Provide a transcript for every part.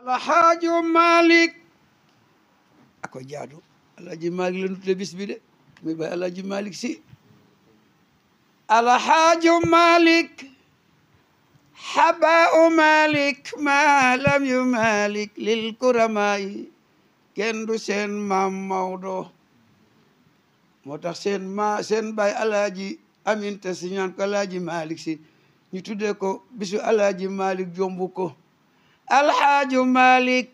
alxaajo malik ako jaadu alaaji malik la nutle bis bi de mi bay alaaji malik si alxaajo malik xabau malik ma lam yu lil kuramaayi kenn du seen maam mawdo moo tax seen ma seen bay alaaji aminta si ñaan ko alaaji malik si ñu tuddee ko bisu alaaji malik jombu ko alxaaju malik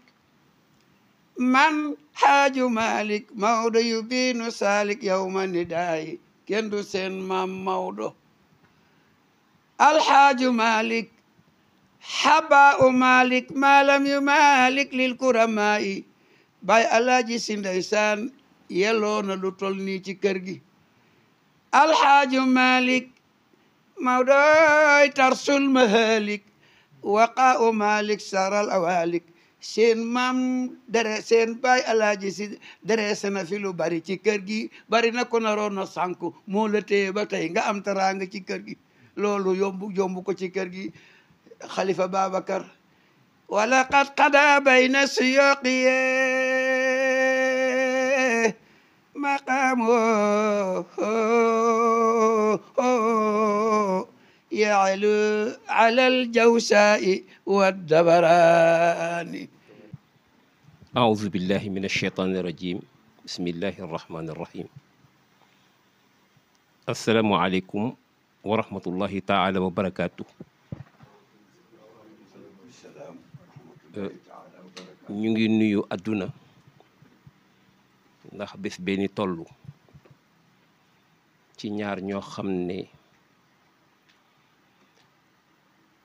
man xaaju malik mawdo yu biinu salik yawma nidaayi kenn du seen maam mawdo alxaaju malik xabaau malik maalam yu malik lil kuramaayi bay alaaji si ndeysaan yeloona lu tol nii ci kër gi alxaaju malik mawdoy tarsul mahalik waqaawu malik saral awalik seen maam dere seen baay alaaji si derese na fi lu bari ci kër gi bari na ko naroon na sànku moo la téye ba tey nga am teraanga ci kër gi loolu yombu yombu ko ci kër gi xalifa babacar wala qad qada bayna siyoqiye maqaamo يعلو على الجوساء والدبران أعوذ بالله من الشيطان الرجيم بسم الله الرحمن الرحيم السلام عليكم ورحمة الله تعالى وبركاته ñu ngi nuyu àdduna ndax bés benn tollu ci ñaar ñoo xam ne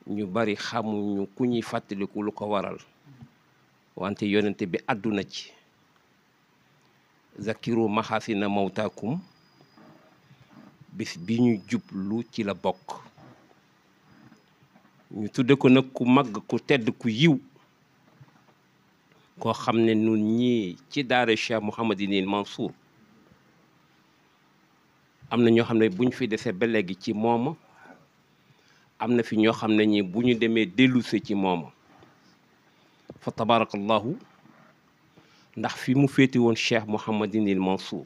ñu bari xamuñu ku ñuy fàttaliku lu ko waral wante yonente bi àdduna ci zakiru maxasina mawtaakum bis bi ñu jublu ci la bokk ñu tudde ko nag ku màgg ku tedd ku yiw koo xam ne nun ñi ci daara Cheikh Mouhamadinil Mansour am na ñoo xam ne buñ fi dese ba léegi ci moom am na fi ñoo xam ne ñi bu ñu demee dellusé ci moom fa tabarakallahu ndax fi mu féete woon cheikh mouhamadinil mansour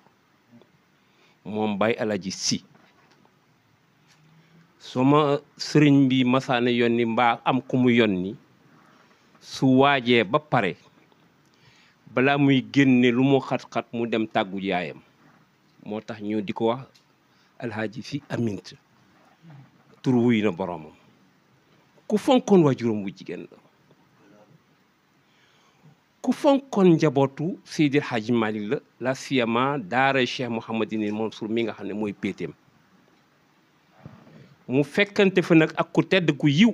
moom bay alaji si ma sëriñ bi masaane yónni mbaa am ku mu ni su waajee ba pare balaa muy génne lu mu xat-xat mu dem tàggu yaayam moo tax ñu di ko wax alhaaji fi amint tur wuy na boroomam ku fonkoon waajuram wu jigéen la ku fonkoon njabootu Seydil Hadji Malick la la siyama daara Cheikh Mouhamadinil Mansour mi nga xam ne mooy péeteem mu fekkante fa nag ak ku tedd ku yiw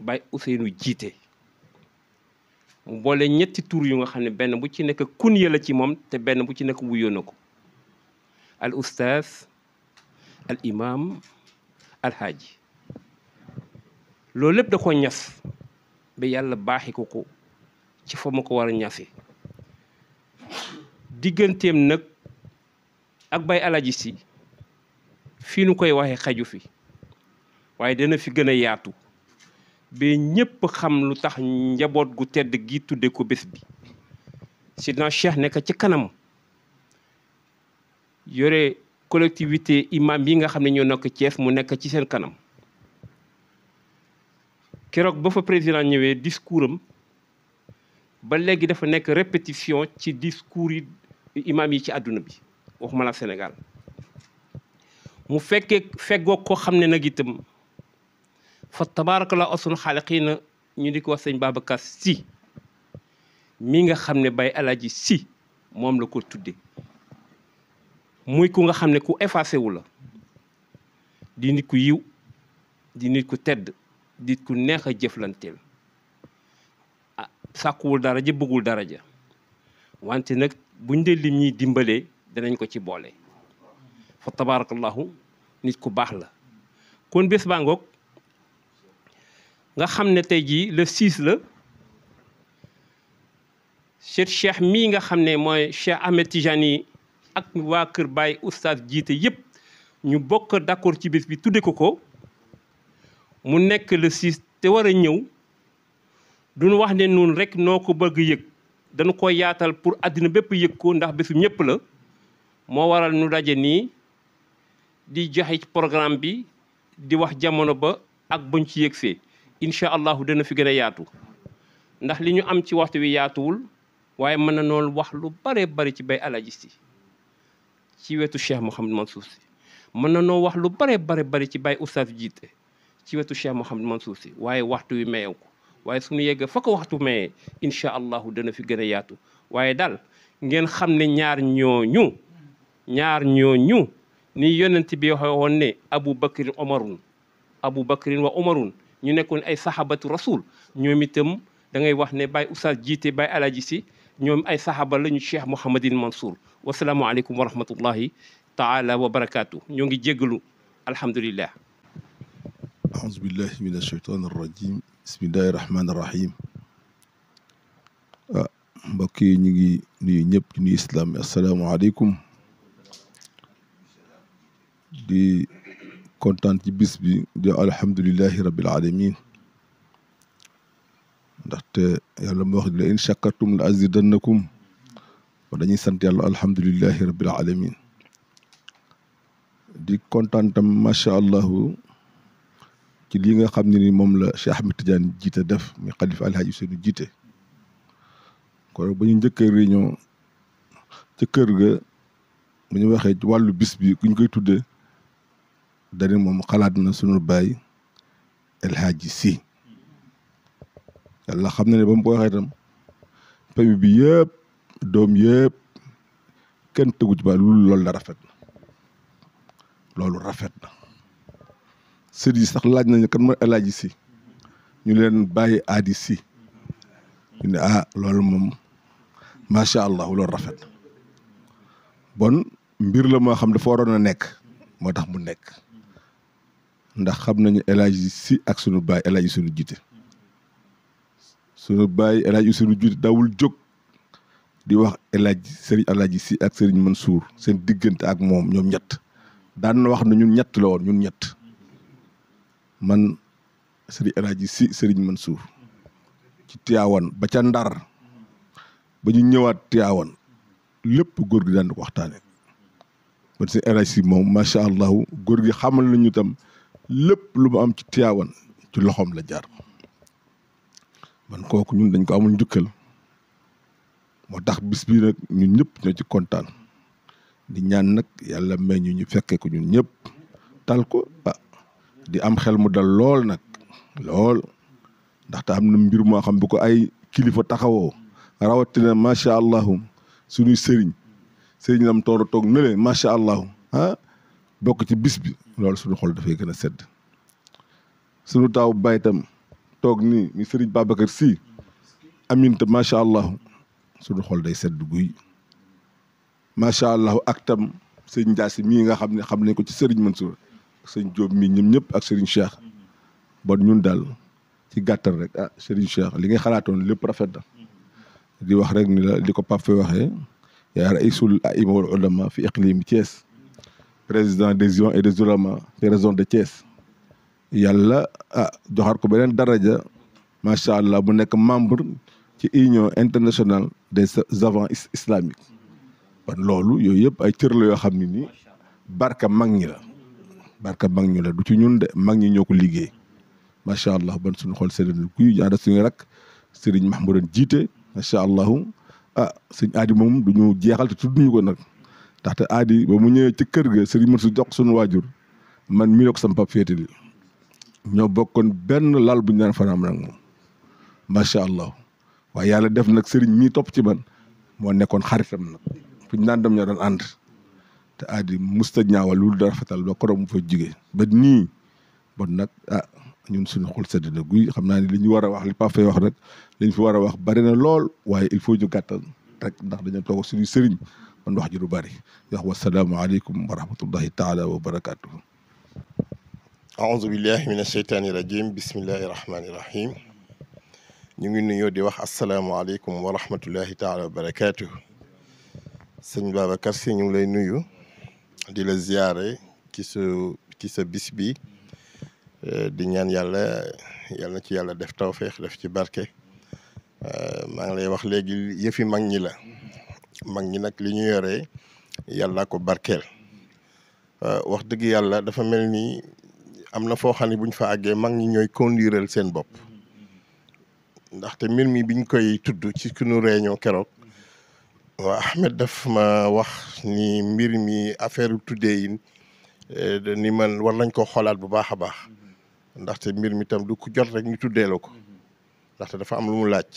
Baye Ousseynou jiite mu boole ñetti tur yu nga xam ne benn bu ci nekk kun ya ci moom te benn bu ci nekk wuyoo ko al oustaz al imam alxaaji loolu lépp da ko ñaf ba yàlla baaxiku ko ci fa ma ko war a digganteem nag ak bay alaaji si fii nu koy waxee xaju fi waaye dana fi gën a yaatu ba ñépp xam lu tax njaboot gu tedd gi tudde ko bés bi sidna cheikh nekk ci kanam yore collectivité imam yi nga xam ne ñoo nekk Thiès mu nekk ci seen kanam keroog ba fa président ñëwee discours am ba léegi dafa nekk répétition ci discours yi imam yi ci àdduna bi waxuma la Sénégal mu fekkee fegoo ko xam ne nag itam fa tabaraka la asul na ñu di ko wax sëñ babakaas si mi nga xam ne Baye Alaaji si moom la ko tudde muy ku nga xam ne ku effacé wu la di nit ku yiw di nit ku tedd di nit ku neex a jëflanteel ah sàkkuwul dara ja bëggul dara ja wante nag bu dee lim ñuy dimbalee danañ ko ci boole fa tabarakallahu nit ku baax la kon bés baa nga xam ne tey jii le 6 la cheikh cheikh mii nga xam ne mooy Cheikh Ahmed Tijani ak waa kër Baye oustaz jiite yëpp ñu bokk d'accord ci bés bi tudde ko ko mu nekk le 6 te war a ñëw duñu wax ne noonu rek noo ko bëgg yëg dañu ko yaatal pour àddina bépp yëg ko ndax bésu ñëpp la moo waral nu daje nii di joxe ci programme bi di wax jamono ba ak buñ ci yëgsee incha allahu dana fi gën a yaatu ndax li ñu am ci waxtu wi yaatuwul waaye mën na noonu wax lu bare bari ci bay alaaji si ci wetu Cheikh Mouhamed Mansour si mën na noo wax lu bare bare bari ci bay Oustaz jiite ci wetu Cheikh Mouhamed Mansour si waaye waxtu wi mayew ko waaye suñu yegg fa ko waxtu mayee incha allahu dana fi gën a yaatu waaye daal ngeen xam ne ñaar ñooñu ñaar ñooñu ni yonent bi waxee ne Abu Bakrin Omarun Abu Bakrin wa Omarun ñu nekkoon ay sahabatu rasuul ñoom itam da ngay wax ne Baye Oustaz jiite Baye Alaaji si ñoom ay sahaba lañu Cheikh Mouhamadin Mansour wasalaamualeykum wa rahmatullahi taala wa barakaatu ñoo ngi jéggalu alhamdulilah aouzu billahi min asheytaan arrajim bismillahi rahmaani rahim ah mbokk yi ñu ngi nuyu ñëpp di nuyu islaam yi asalaamaaleykum di kontaan ci bis bi di alhamdulilahi rabil alamin ndaxte yàlla moo wax ne la in shakartum la azidannakum kon dañuy sant yàlla alhamdulilahi rabbil alamin di kontaan tam macha allah ci lii nga xam ne ni moom la Cheikh Ahmed Tidiane jiite def mi xalifa alhaji Ousseynou jiite kon ba ñu njëkkee réunion ca kër ga bu ñu waxee ci wàllu bis bi ku ñu koy tuddee dani moom xalaat na sunu bay alhaji si yàlla xam na ne ba mu ko waxee itam famille bi yëpp doom yëpp kenn tëgu ci ba loolu la rafet na loolu rafet na sër yi sax laaj nañu kan mooy alaaji si ñu leen bàyyi aadi si ñu ne ah loolu moom macha allah loolu rafet na bon mbir la moo xam dafa waroon a nekk moo tax mu nekk ndax xam nañu alaaji si ak sunu baay alaaji sunu jiite sunu bàyyi alaaji suñu jiite dawul jóg. di wax El Hadj Serigne El Hadj si ak Serigne Mansour seen diggante ak moom ñoom ñett daan na wax ne ñun ñett la woon ñun ñett man Serigne El Hadj si Serigne Mansour ci Tiawan ba ca Ndar ba ñu ñëwaat Tiawan lépp góor gi daan ko waxtaanee kon Serigne El Hadj si moom macha allah góor gi xamal nañu tam lépp lu mu am ci Tiawan ci loxoom la jaar man kooku ñun dañ ko amul njukkal. moo tax bis bi nag ñun ñëpp ñoo ci kontaan di ñaan nag yàlla may ñu ñu fekkee ko ñun ñëpp tal ko ah di am xel mu dal lool nag lool ndaxte am na mbir moo xam bu ko ay kilifa taxawoo rawatina macha allah suñuy sëriñ sëriñ lam toor toog na leen macha allah ah bokk ci bis bi loolu suñu xol dafay gën a sedd suñu taaw baytam toog ni mi sëriñ Babacar Sy aminta macha allah. suñu xol day sedd guy macha allah ak tam sëñ Ndiass mii nga xam ne xam nañ ko ci sëriñ Mansour ak sëñ Diop mii ñoom ñëpp ak sëriñ Cheikh bon ñun daal ci gàttal rek ah sëriñ Cheikh li nga xalaatoon lépp rafet na di wax rek ni la li ko Pape Faye waxee yaa raisul aima wal ulama fi iqlim Thiès président des ions et des ulama des raisons de Thiès yàlla ah joxaat ko beneen daraja macha allah bu nekk membre. ci union internationale des savants islamiques kon loolu yooyu yëpp ay cër la yoo xam ne nii barka mag ñi la barka mag ñi la du ci ñun de mag ñi ñoo ko liggéey macha allah ban suñu xool sëriñ kuy ànd suñu rak sëriñ Mahmoudan jiite macha allah ah sëñ aadi moom du ñu jeexal te tudd ñu ko nag ndaxte aadi ba mu ñëwee ci kër ga sëriñ Mansour jox suñu waajur man mii la ko sama féetali ñoo bokkoon benn lal bu ñu daan fanaan nag moom macha allah. waaye yàlla def nag sëriñ mii topp ci man moo nekkoon xaritam nag fu ñu daan dem ñoo doon ànd te aadi musta ñaawal lu dul rafetal ba mu fa jugee ba nii bon nag ah ñun suñu xol sedd na guy xam naa ne li ñu war a wax li Pape wax rek li ñu fi war a wax bari na lool waaye il faut ñu gàttal rek ndax dañoo toog suñu sëriñ man wax ji du bari wax wa salaamaaleykum wa rahmatullahi taala wa barakaatuhu. aouzu billahi mina shaytaani rajim bismillahi rahmaani rahim. ñu ngi nuyoo di wax asalaamaaleykum wa rahmatullahi taala wa barakaatu. sëñ Babacar si ñu ngi lay nuyu di la ziyaare ci su ci sa bi eh, di ñaan yàlla yàlla na ci yàlla def taw feex def ci barke eh, maa ngi lay wax léegi yëfi mag ñi la mag ñi nag li ñu yoree yàlla ko barkeel eh, wax dëgg yàlla dafa mel ni am na foo xam ne bu ñu fa àggee mag ñi ñooy conduireel seen bopp ndaxte mbir mi biñ koy tudd ci sunu réunion keroog waa Ahmed daf ma wax ni mbir mi affaire tuddee yi eh, ni man war nañ ko xoolaat bu baax a baax ndaxte mbir mi tam du ko jot rek ñu tuddee la ko ndaxte dafa am lu mu laaj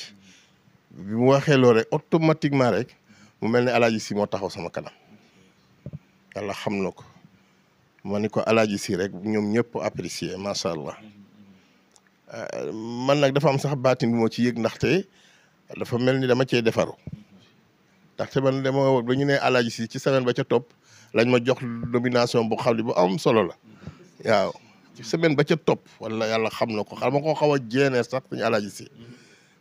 bi mu waxee loo rek automatiquement rek mu mel ni alaaji si moo taxaw sama kanam yàlla xam na ko ma ni ko alaaji si rek ñoom ñëpp apprécier macha allah. Euh, man nag dafa am sax baatin moo ci yëg ndaxte dafa mel ni dama cee defaru ndaxte man dama ba ñu ne alaaji si ci semaine ba ca topp lañ ma jox nomination bu xaw ne bu am solo la waaw ci semaine ba ca topp wala yàlla xam na ko xam ma koo xaw a jeenee sax ñu alaaji si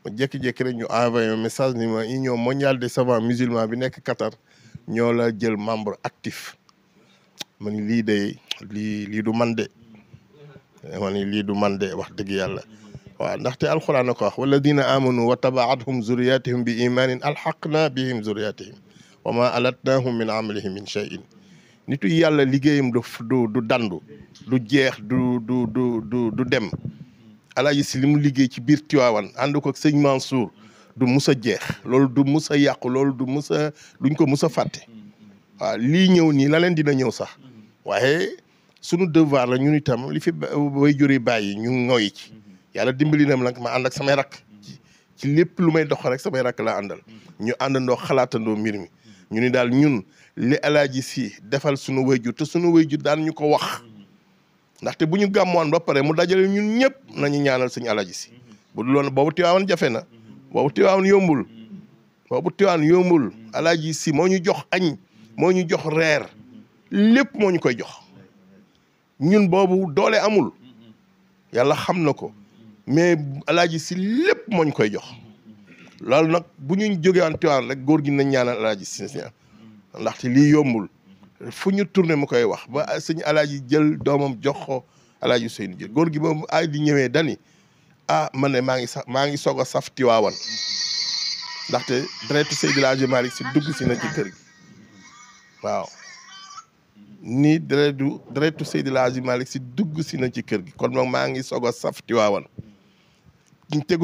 ma jékki-jékki rek ñu envoyé message ni ma union mondiale des savants musulmans bi nekk Qatar ñoo la jël membre actif man lii de lii lii du man de ma ni lii du man de wax dëgg yàlla waaw ndaxte alxuraan a ko wax walladina amanu wa tabaatuhum zuriyatihum bi imaanin alxaqna bihim zuriyatihim wa ma alatnahum min amalihim min cheyin nitu yàlla liggéeyam du du du dandu du jeex du du du du du dem alaaji si li mu liggéey ci biir Tiwaawan ànd ko ak sëñ du mus a jeex lool du mus a yàqu loolu du mus a ko mus a fàtte lii ñëw nii la leen dina ñëw sax waaye sunu devoir la ñun itam li fi way juri bàyyi ñu ngoy ci mm-hmm. yàlla dimbali nam nag ma ànd ak samay rakk ci lépp lu may dox rek samay rakk la àndal mm-hmm. ñu àndandoo xalaatandoo mbir mi mm-hmm. ñu ni daal ñun li alaaji si defal sunu wayjur te sunu wayjur daan ñu ko wax ndaxte bu ñu gàmmoon ba pare mu dajale ñun ñëpp nañu ñaanal suñu alaaji si bu dul woon boobu tiwaawan jafe na boobu tiwaawan yombul boobu tiwaawan yombul alaaji si moo ñu jox añ moo ñu jox reer lépp moo ñu koy jox ñun boobu doole amul yàlla xam na ko mais alaaji si lépp mooñ koy jox loolu nag bu ñu jógewaan Tiwaawan rek góor gi nañ ñaanal alaaji si ndaxte lii yombul fu ñu turne mu koy wax ba sëñ alaaji jël doomam jox ko alaaji Seynu jël góor gi ba ay di ñëwee dani ah man ne maa ngi sax maa ngi soog a saf Tiwaawan ndaxte deretu Seydi Alaaji Maalik Si dugg si na ci kër gi waaw ni deretu deretu Seydi El Hadji Malick si dugg si na ci kër gi kon moom maa ngi soog a saf Tiwaawan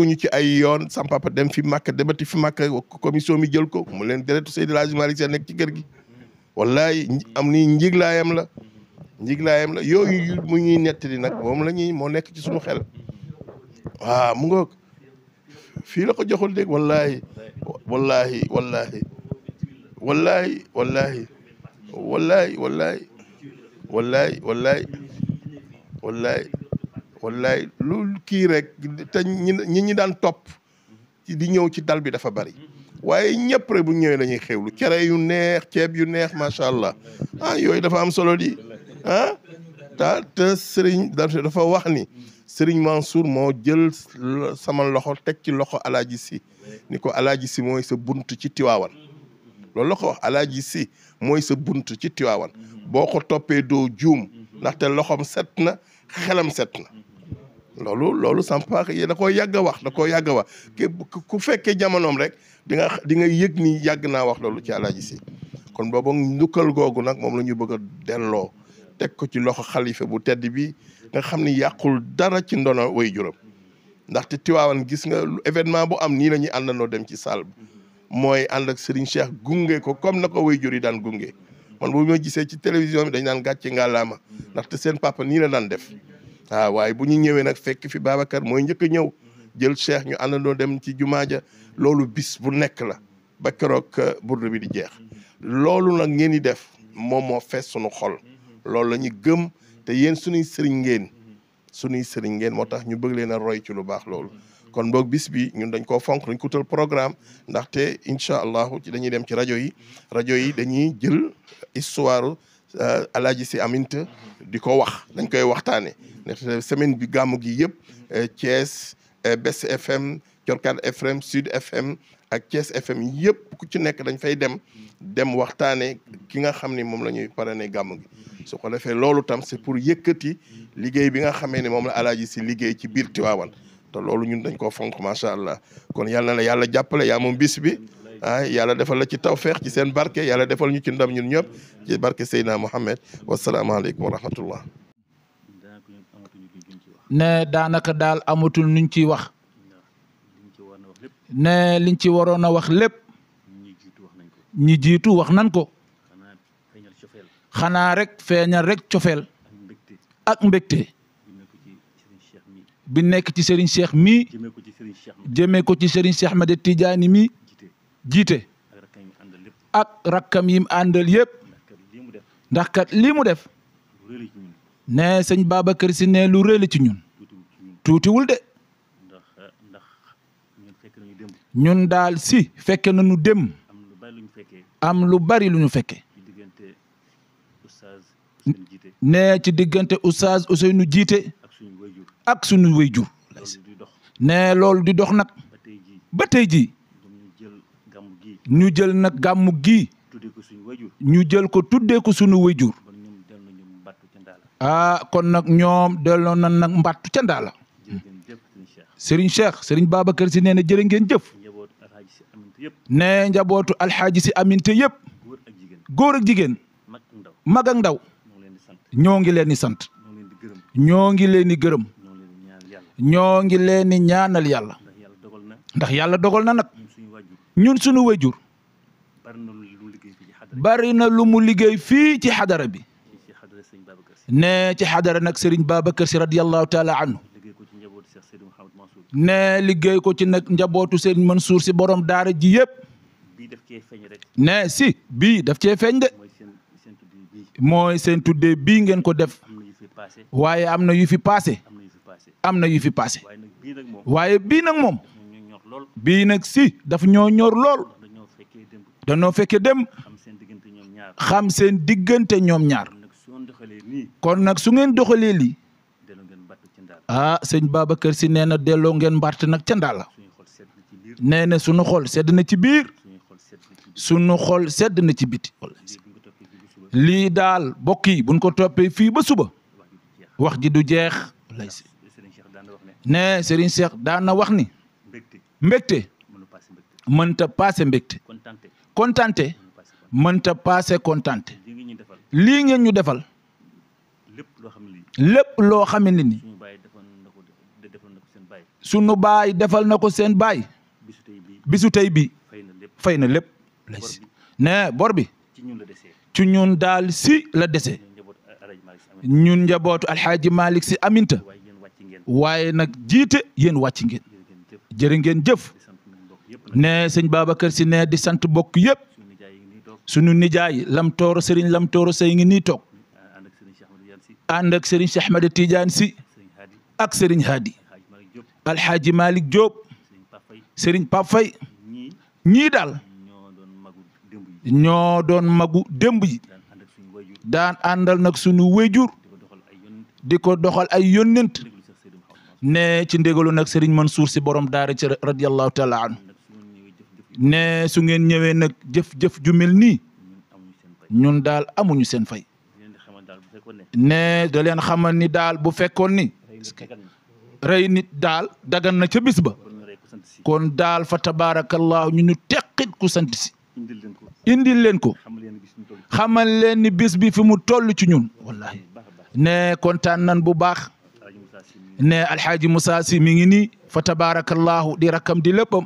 ñu ci ay yoon sam papa dem fi Màkka demati fi Màkka commission mi jël ko mu leen deretu Seydi El Hadji Malick si nekk ci kër gi wallaay am ni njiglaayam la njiglaayam la yooyu mu ñuy nettali nag moom la ñuy moo nekk ci suñu xel waaw mu ngoog fii la ko joxul dégg wallahi wallahi wallahi wallahi wallahi wallaay wallaay wallaay wallaay wallaay wallaay kii rek te ñi ñi daan topp di ñëw ci dal bi dafa bari waaye ñëpp rek bu ñëwee dañuy xewlu cere yu neex ceeb yu neex macha allah ah yooyu dafa am solo di ah ta te dafa wax ni Serigne Mansour moo jël sama loxo teg ci loxo alaaji si ni ko alaaji si mooy sa bunt ci Tiwaawan loolu la ko wax alaaji si mooy sa bunt ci Tiwaawan boo ko toppee doo juum ndaxte loxoom set na xelam set na loolu loolu Samba da koo yàgg wax da koo yàgg wax ku fekkee jamonoom rek di nga di nga yëg ni yàgg naa wax loolu ci alaaji si kon booba ndukkal googu nag moom la ñu bëgg a delloo teg ko ci loxo xalifa bu tedd bi nga xam ni yàqul dara ci ndono way juróom ndaxte Tiwaawan gis nga événement bu am nii la ñuy àndandoo dem ci salle bi mooy ànd ak Serigne Cheikh gunge ko comme nag ko way jur yi daan gunge man bu ma gisee ci télévision bi dañ daan gàcce ngàllaama ndaxte seen papa nii la daan def waaw ah, waaye bu ñu ñëwee nag fekk fi Babacar mooy njëkk a ñëw jël Cheikh ñu àndandoo dem ci jumaa ja loolu bis bu nekk la ba keroog euh, burdu bi di jeex loolu nag ngeen di def moom moo fees sunu xol loolu la gëm te yéen suñuy sëriñ ngeen sunuy sëriñ ngeen moo tax ñu bëgg leen a roy ci lu baax loolu kon boog bis bi ñun dañ koo fonk dañ ko utal programme ndaxte incha allahu ci dañuy dem ci rajo yi rajo yi dañuy jël histoire euh, alaaji si aminte di ko wax dañ koy waxtaane ndaxte semaine bi gàmmu gi yëpp euh, Thiès euh, Bes FM Corkat FM Sud FM ak Thiès FM yëpp ku ci nekk dañ fay dem dem waxtaane ki nga xam ni moom la ñuy parrainer gàmmu gi su ko defee loolu tam c'est pour yëkkati liggéey bi nga xamee ne moom la alaaji si liggéey ci biir Tiwaawan te loolu ñun dañ koo fonk macha allah kon yàlla na la yàlla jàppale yaa moom bis bi ah yàlla defal la ci tawféex ci seen barke yàlla defal ñu ci ndam ñun ñëpp ci barke Seydina Mohamed wasalaamaaleykum wa rahmatullah ne daanaka daal amatul nuñ ciy wax ne liñ ci waroon a wax lépp ñi jiitu wax nan ko xanaa rek feeñal rek cofeel ak mbégte bi nekk ci Serigne Cheikh mii jëmee ko ci Serigne Cheikh Ahmed Tidiane mii jiite ak rakkam yim àndal yëpp ndax kat lii mu def ne sëñ Babacar si ne lu rëy ci ñun tuutiwul de ñun daal si fekke nañu dem am lu bari lu ñu fekke ne ci diggante Oustaz nu jiite ak suñu waajur nee loolu di dox nag ba tey jii ñu jël nag gàmmu gi ñu jël ko tuddee ko suñu waajur ah kon nag ñoom delloo nan nag mbattu ca ndaa la Serigne Cheikh Serigne Babacar si nee na jërë ngeen jëf ne njabootu alxaaji si aminte yëpp góor ak jigéen mag ak ndaw ñoo ngi leen di sant ñoo ngi leen di gërëm ñoo ngi leen di ñaanal yàlla ndax yàlla dogal na nag ñun suñu wajur bari na lu mu liggéey fii ci xadara bi ne ci xadara nag Serigne Babacar Sy radiyallahu taala anhu nee liggéey ko ci nag njabootu Serigne Mansour si borom daara ji yëpp ne si bii daf cee feeñ de mooy seen tuddee bii ngeen ko def waaye am na yu fi passé am na yu fi passé waaye bii nag moom bii nag si dafa ñoo ñor lool dañoo fekkee dem xam seen diggante ñoom ñaar kon nag su ngeen doxalee lii ah sëñ kër si nee na delloo ngeen mbart nag ca ndaa la nee na sunu xol sedd na ci biir su sunu xol sedd na ci biti lii daal bokk yi buñ ko toppee fii ba suba wax ji du jeex. ne Serigne Cheikh daan na wax ni. mbégte mbégte. mënta paase mbégte. kontante mënta paase kontante. lii ngeen ñu defal. lépp loo xam ne ni. sunu baay defal na ko seen baay. bisu tey bi fay na lépp. ne bor bi. ci ñun daal si la dese. ñun njabootu alxaaji Malick si aminta. waaye nag jiite yéen wàcc ngi jërë ngeen jëf ne sëñ Babacar si ne di sant bokk yëpp sunu nijaay Lamtooro Serigne Lamtooro say ngi nii toog ànd ak Serigne Cheikh Ahmed Tidiane si ak Serigne Hadi Alxaaji Malick Diop Serigne Pape Faye ñii daal ñoo doon magu démb yi daan àndal nag sunu wéjur di ko doxal ay yónnent ne ci ndégalu nag man Mansour si borom daara ci radiyallahu taala anhu ne su ngeen ñëwee nag jëf-jëf ju mel nii ñun daal amuñu seen fay ne da leen xamal ni daal bu fekkoon ni rey nit daal dagan na ca bis ba kon daal fa tabaarakallahu ñu ñu teqit ku sant si indil leen ko xamal leen ni bis bi fi mu toll ci ñun wallahi ne kontaan nan bu baax ne alxaaji Moussa si mi ngi nii fa tabaarakallaahu di rakkam di léppam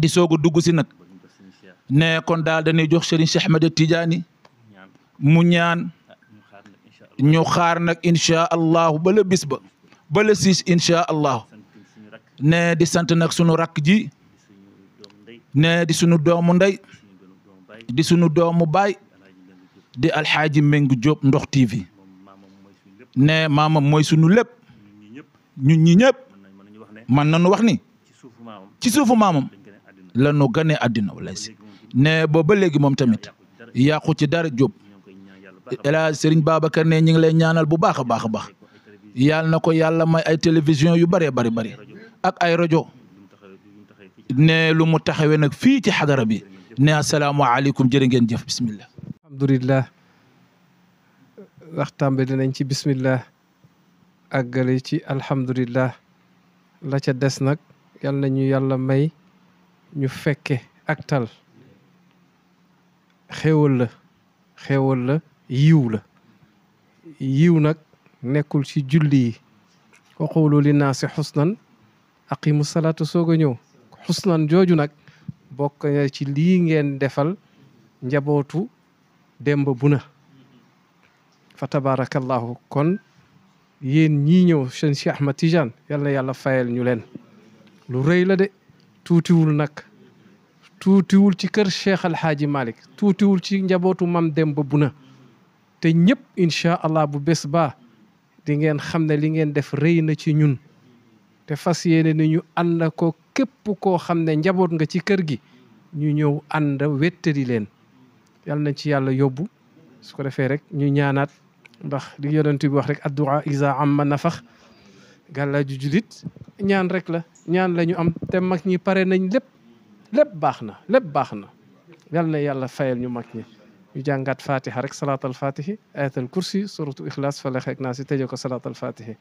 di soog a dugg si nag kon daal dañuy jox Serigne Cheikh Ahmed Tidiane mu ñaan ñu xaar nag incha allahu ba la bis ba ba la incha allahu ne di sant nag sunu rakk ji ne di sunu doomu ndey di sunu doomu baay di alxaaji Mbengue Diop Ndokh TV ne maamam mooy sunu lépp. ñun ñi ñëpp man nañu wax ni ci suufu maamam la nu gane àddina wala si ne booba léegi moom tamit yàqu ci dara Jóob El Hadj Serigne Babacar ne ñu ngi lay ñaanal bu baax a baax a baax yàlla na ko yàlla may ay télévision yu bëree bëri bëri ak ay rajo ne lu mu taxawee nag fii ci xadara bi ne asalaamaaleykum jërë ngeen jëf bismillah alhamdulillah waxtaan bi dinañ ci bismillah àggale ci alhamdulillah la ca des nag yal na ñu yàlla may ñu fekke ak tal xéewal la xéewal la yiw la yiw nag nekkul ci julli yi wa qawlu linnaasi xusnan aqimu salaata soog a ñëw xusnan jooju nag bokk na ci lii ngeen defal njabootu Demba Buna fa tabarakallahu kon yéen ñii ñëw seen Cheikh Ahmad Tidiane yal na yàlla fayal ñu leen lu rëy la de tuutiwul nag tuutiwul ci kër Cheikh Al Hadji tuutiwul ci njabootu ba bu na te ñëpp incha allah bu bés ba di ngeen xam ne li ngeen def rëy na ci ñun te fas yéene ni ñu ànd ko képp koo xam ne njaboot nga ci kër gi ñu ñëw ànd wettali leen yal nañ ci yàlla yóbbu su ko defee ñu ñaanaat ndax li yonent bi wax rek addu'a isa amma nafax gàllaa ju julit ñaan rek la ñaan la ñu am te mag ñi pare nañ lépp lépp baax na lépp baax na yal na yàlla fayal ñu mag ñi ñu jàngat fatiha rek salaatal fatihi ayatal kursi suratu ixlaas falax ak naas yi tëjee ko salaatal fatihi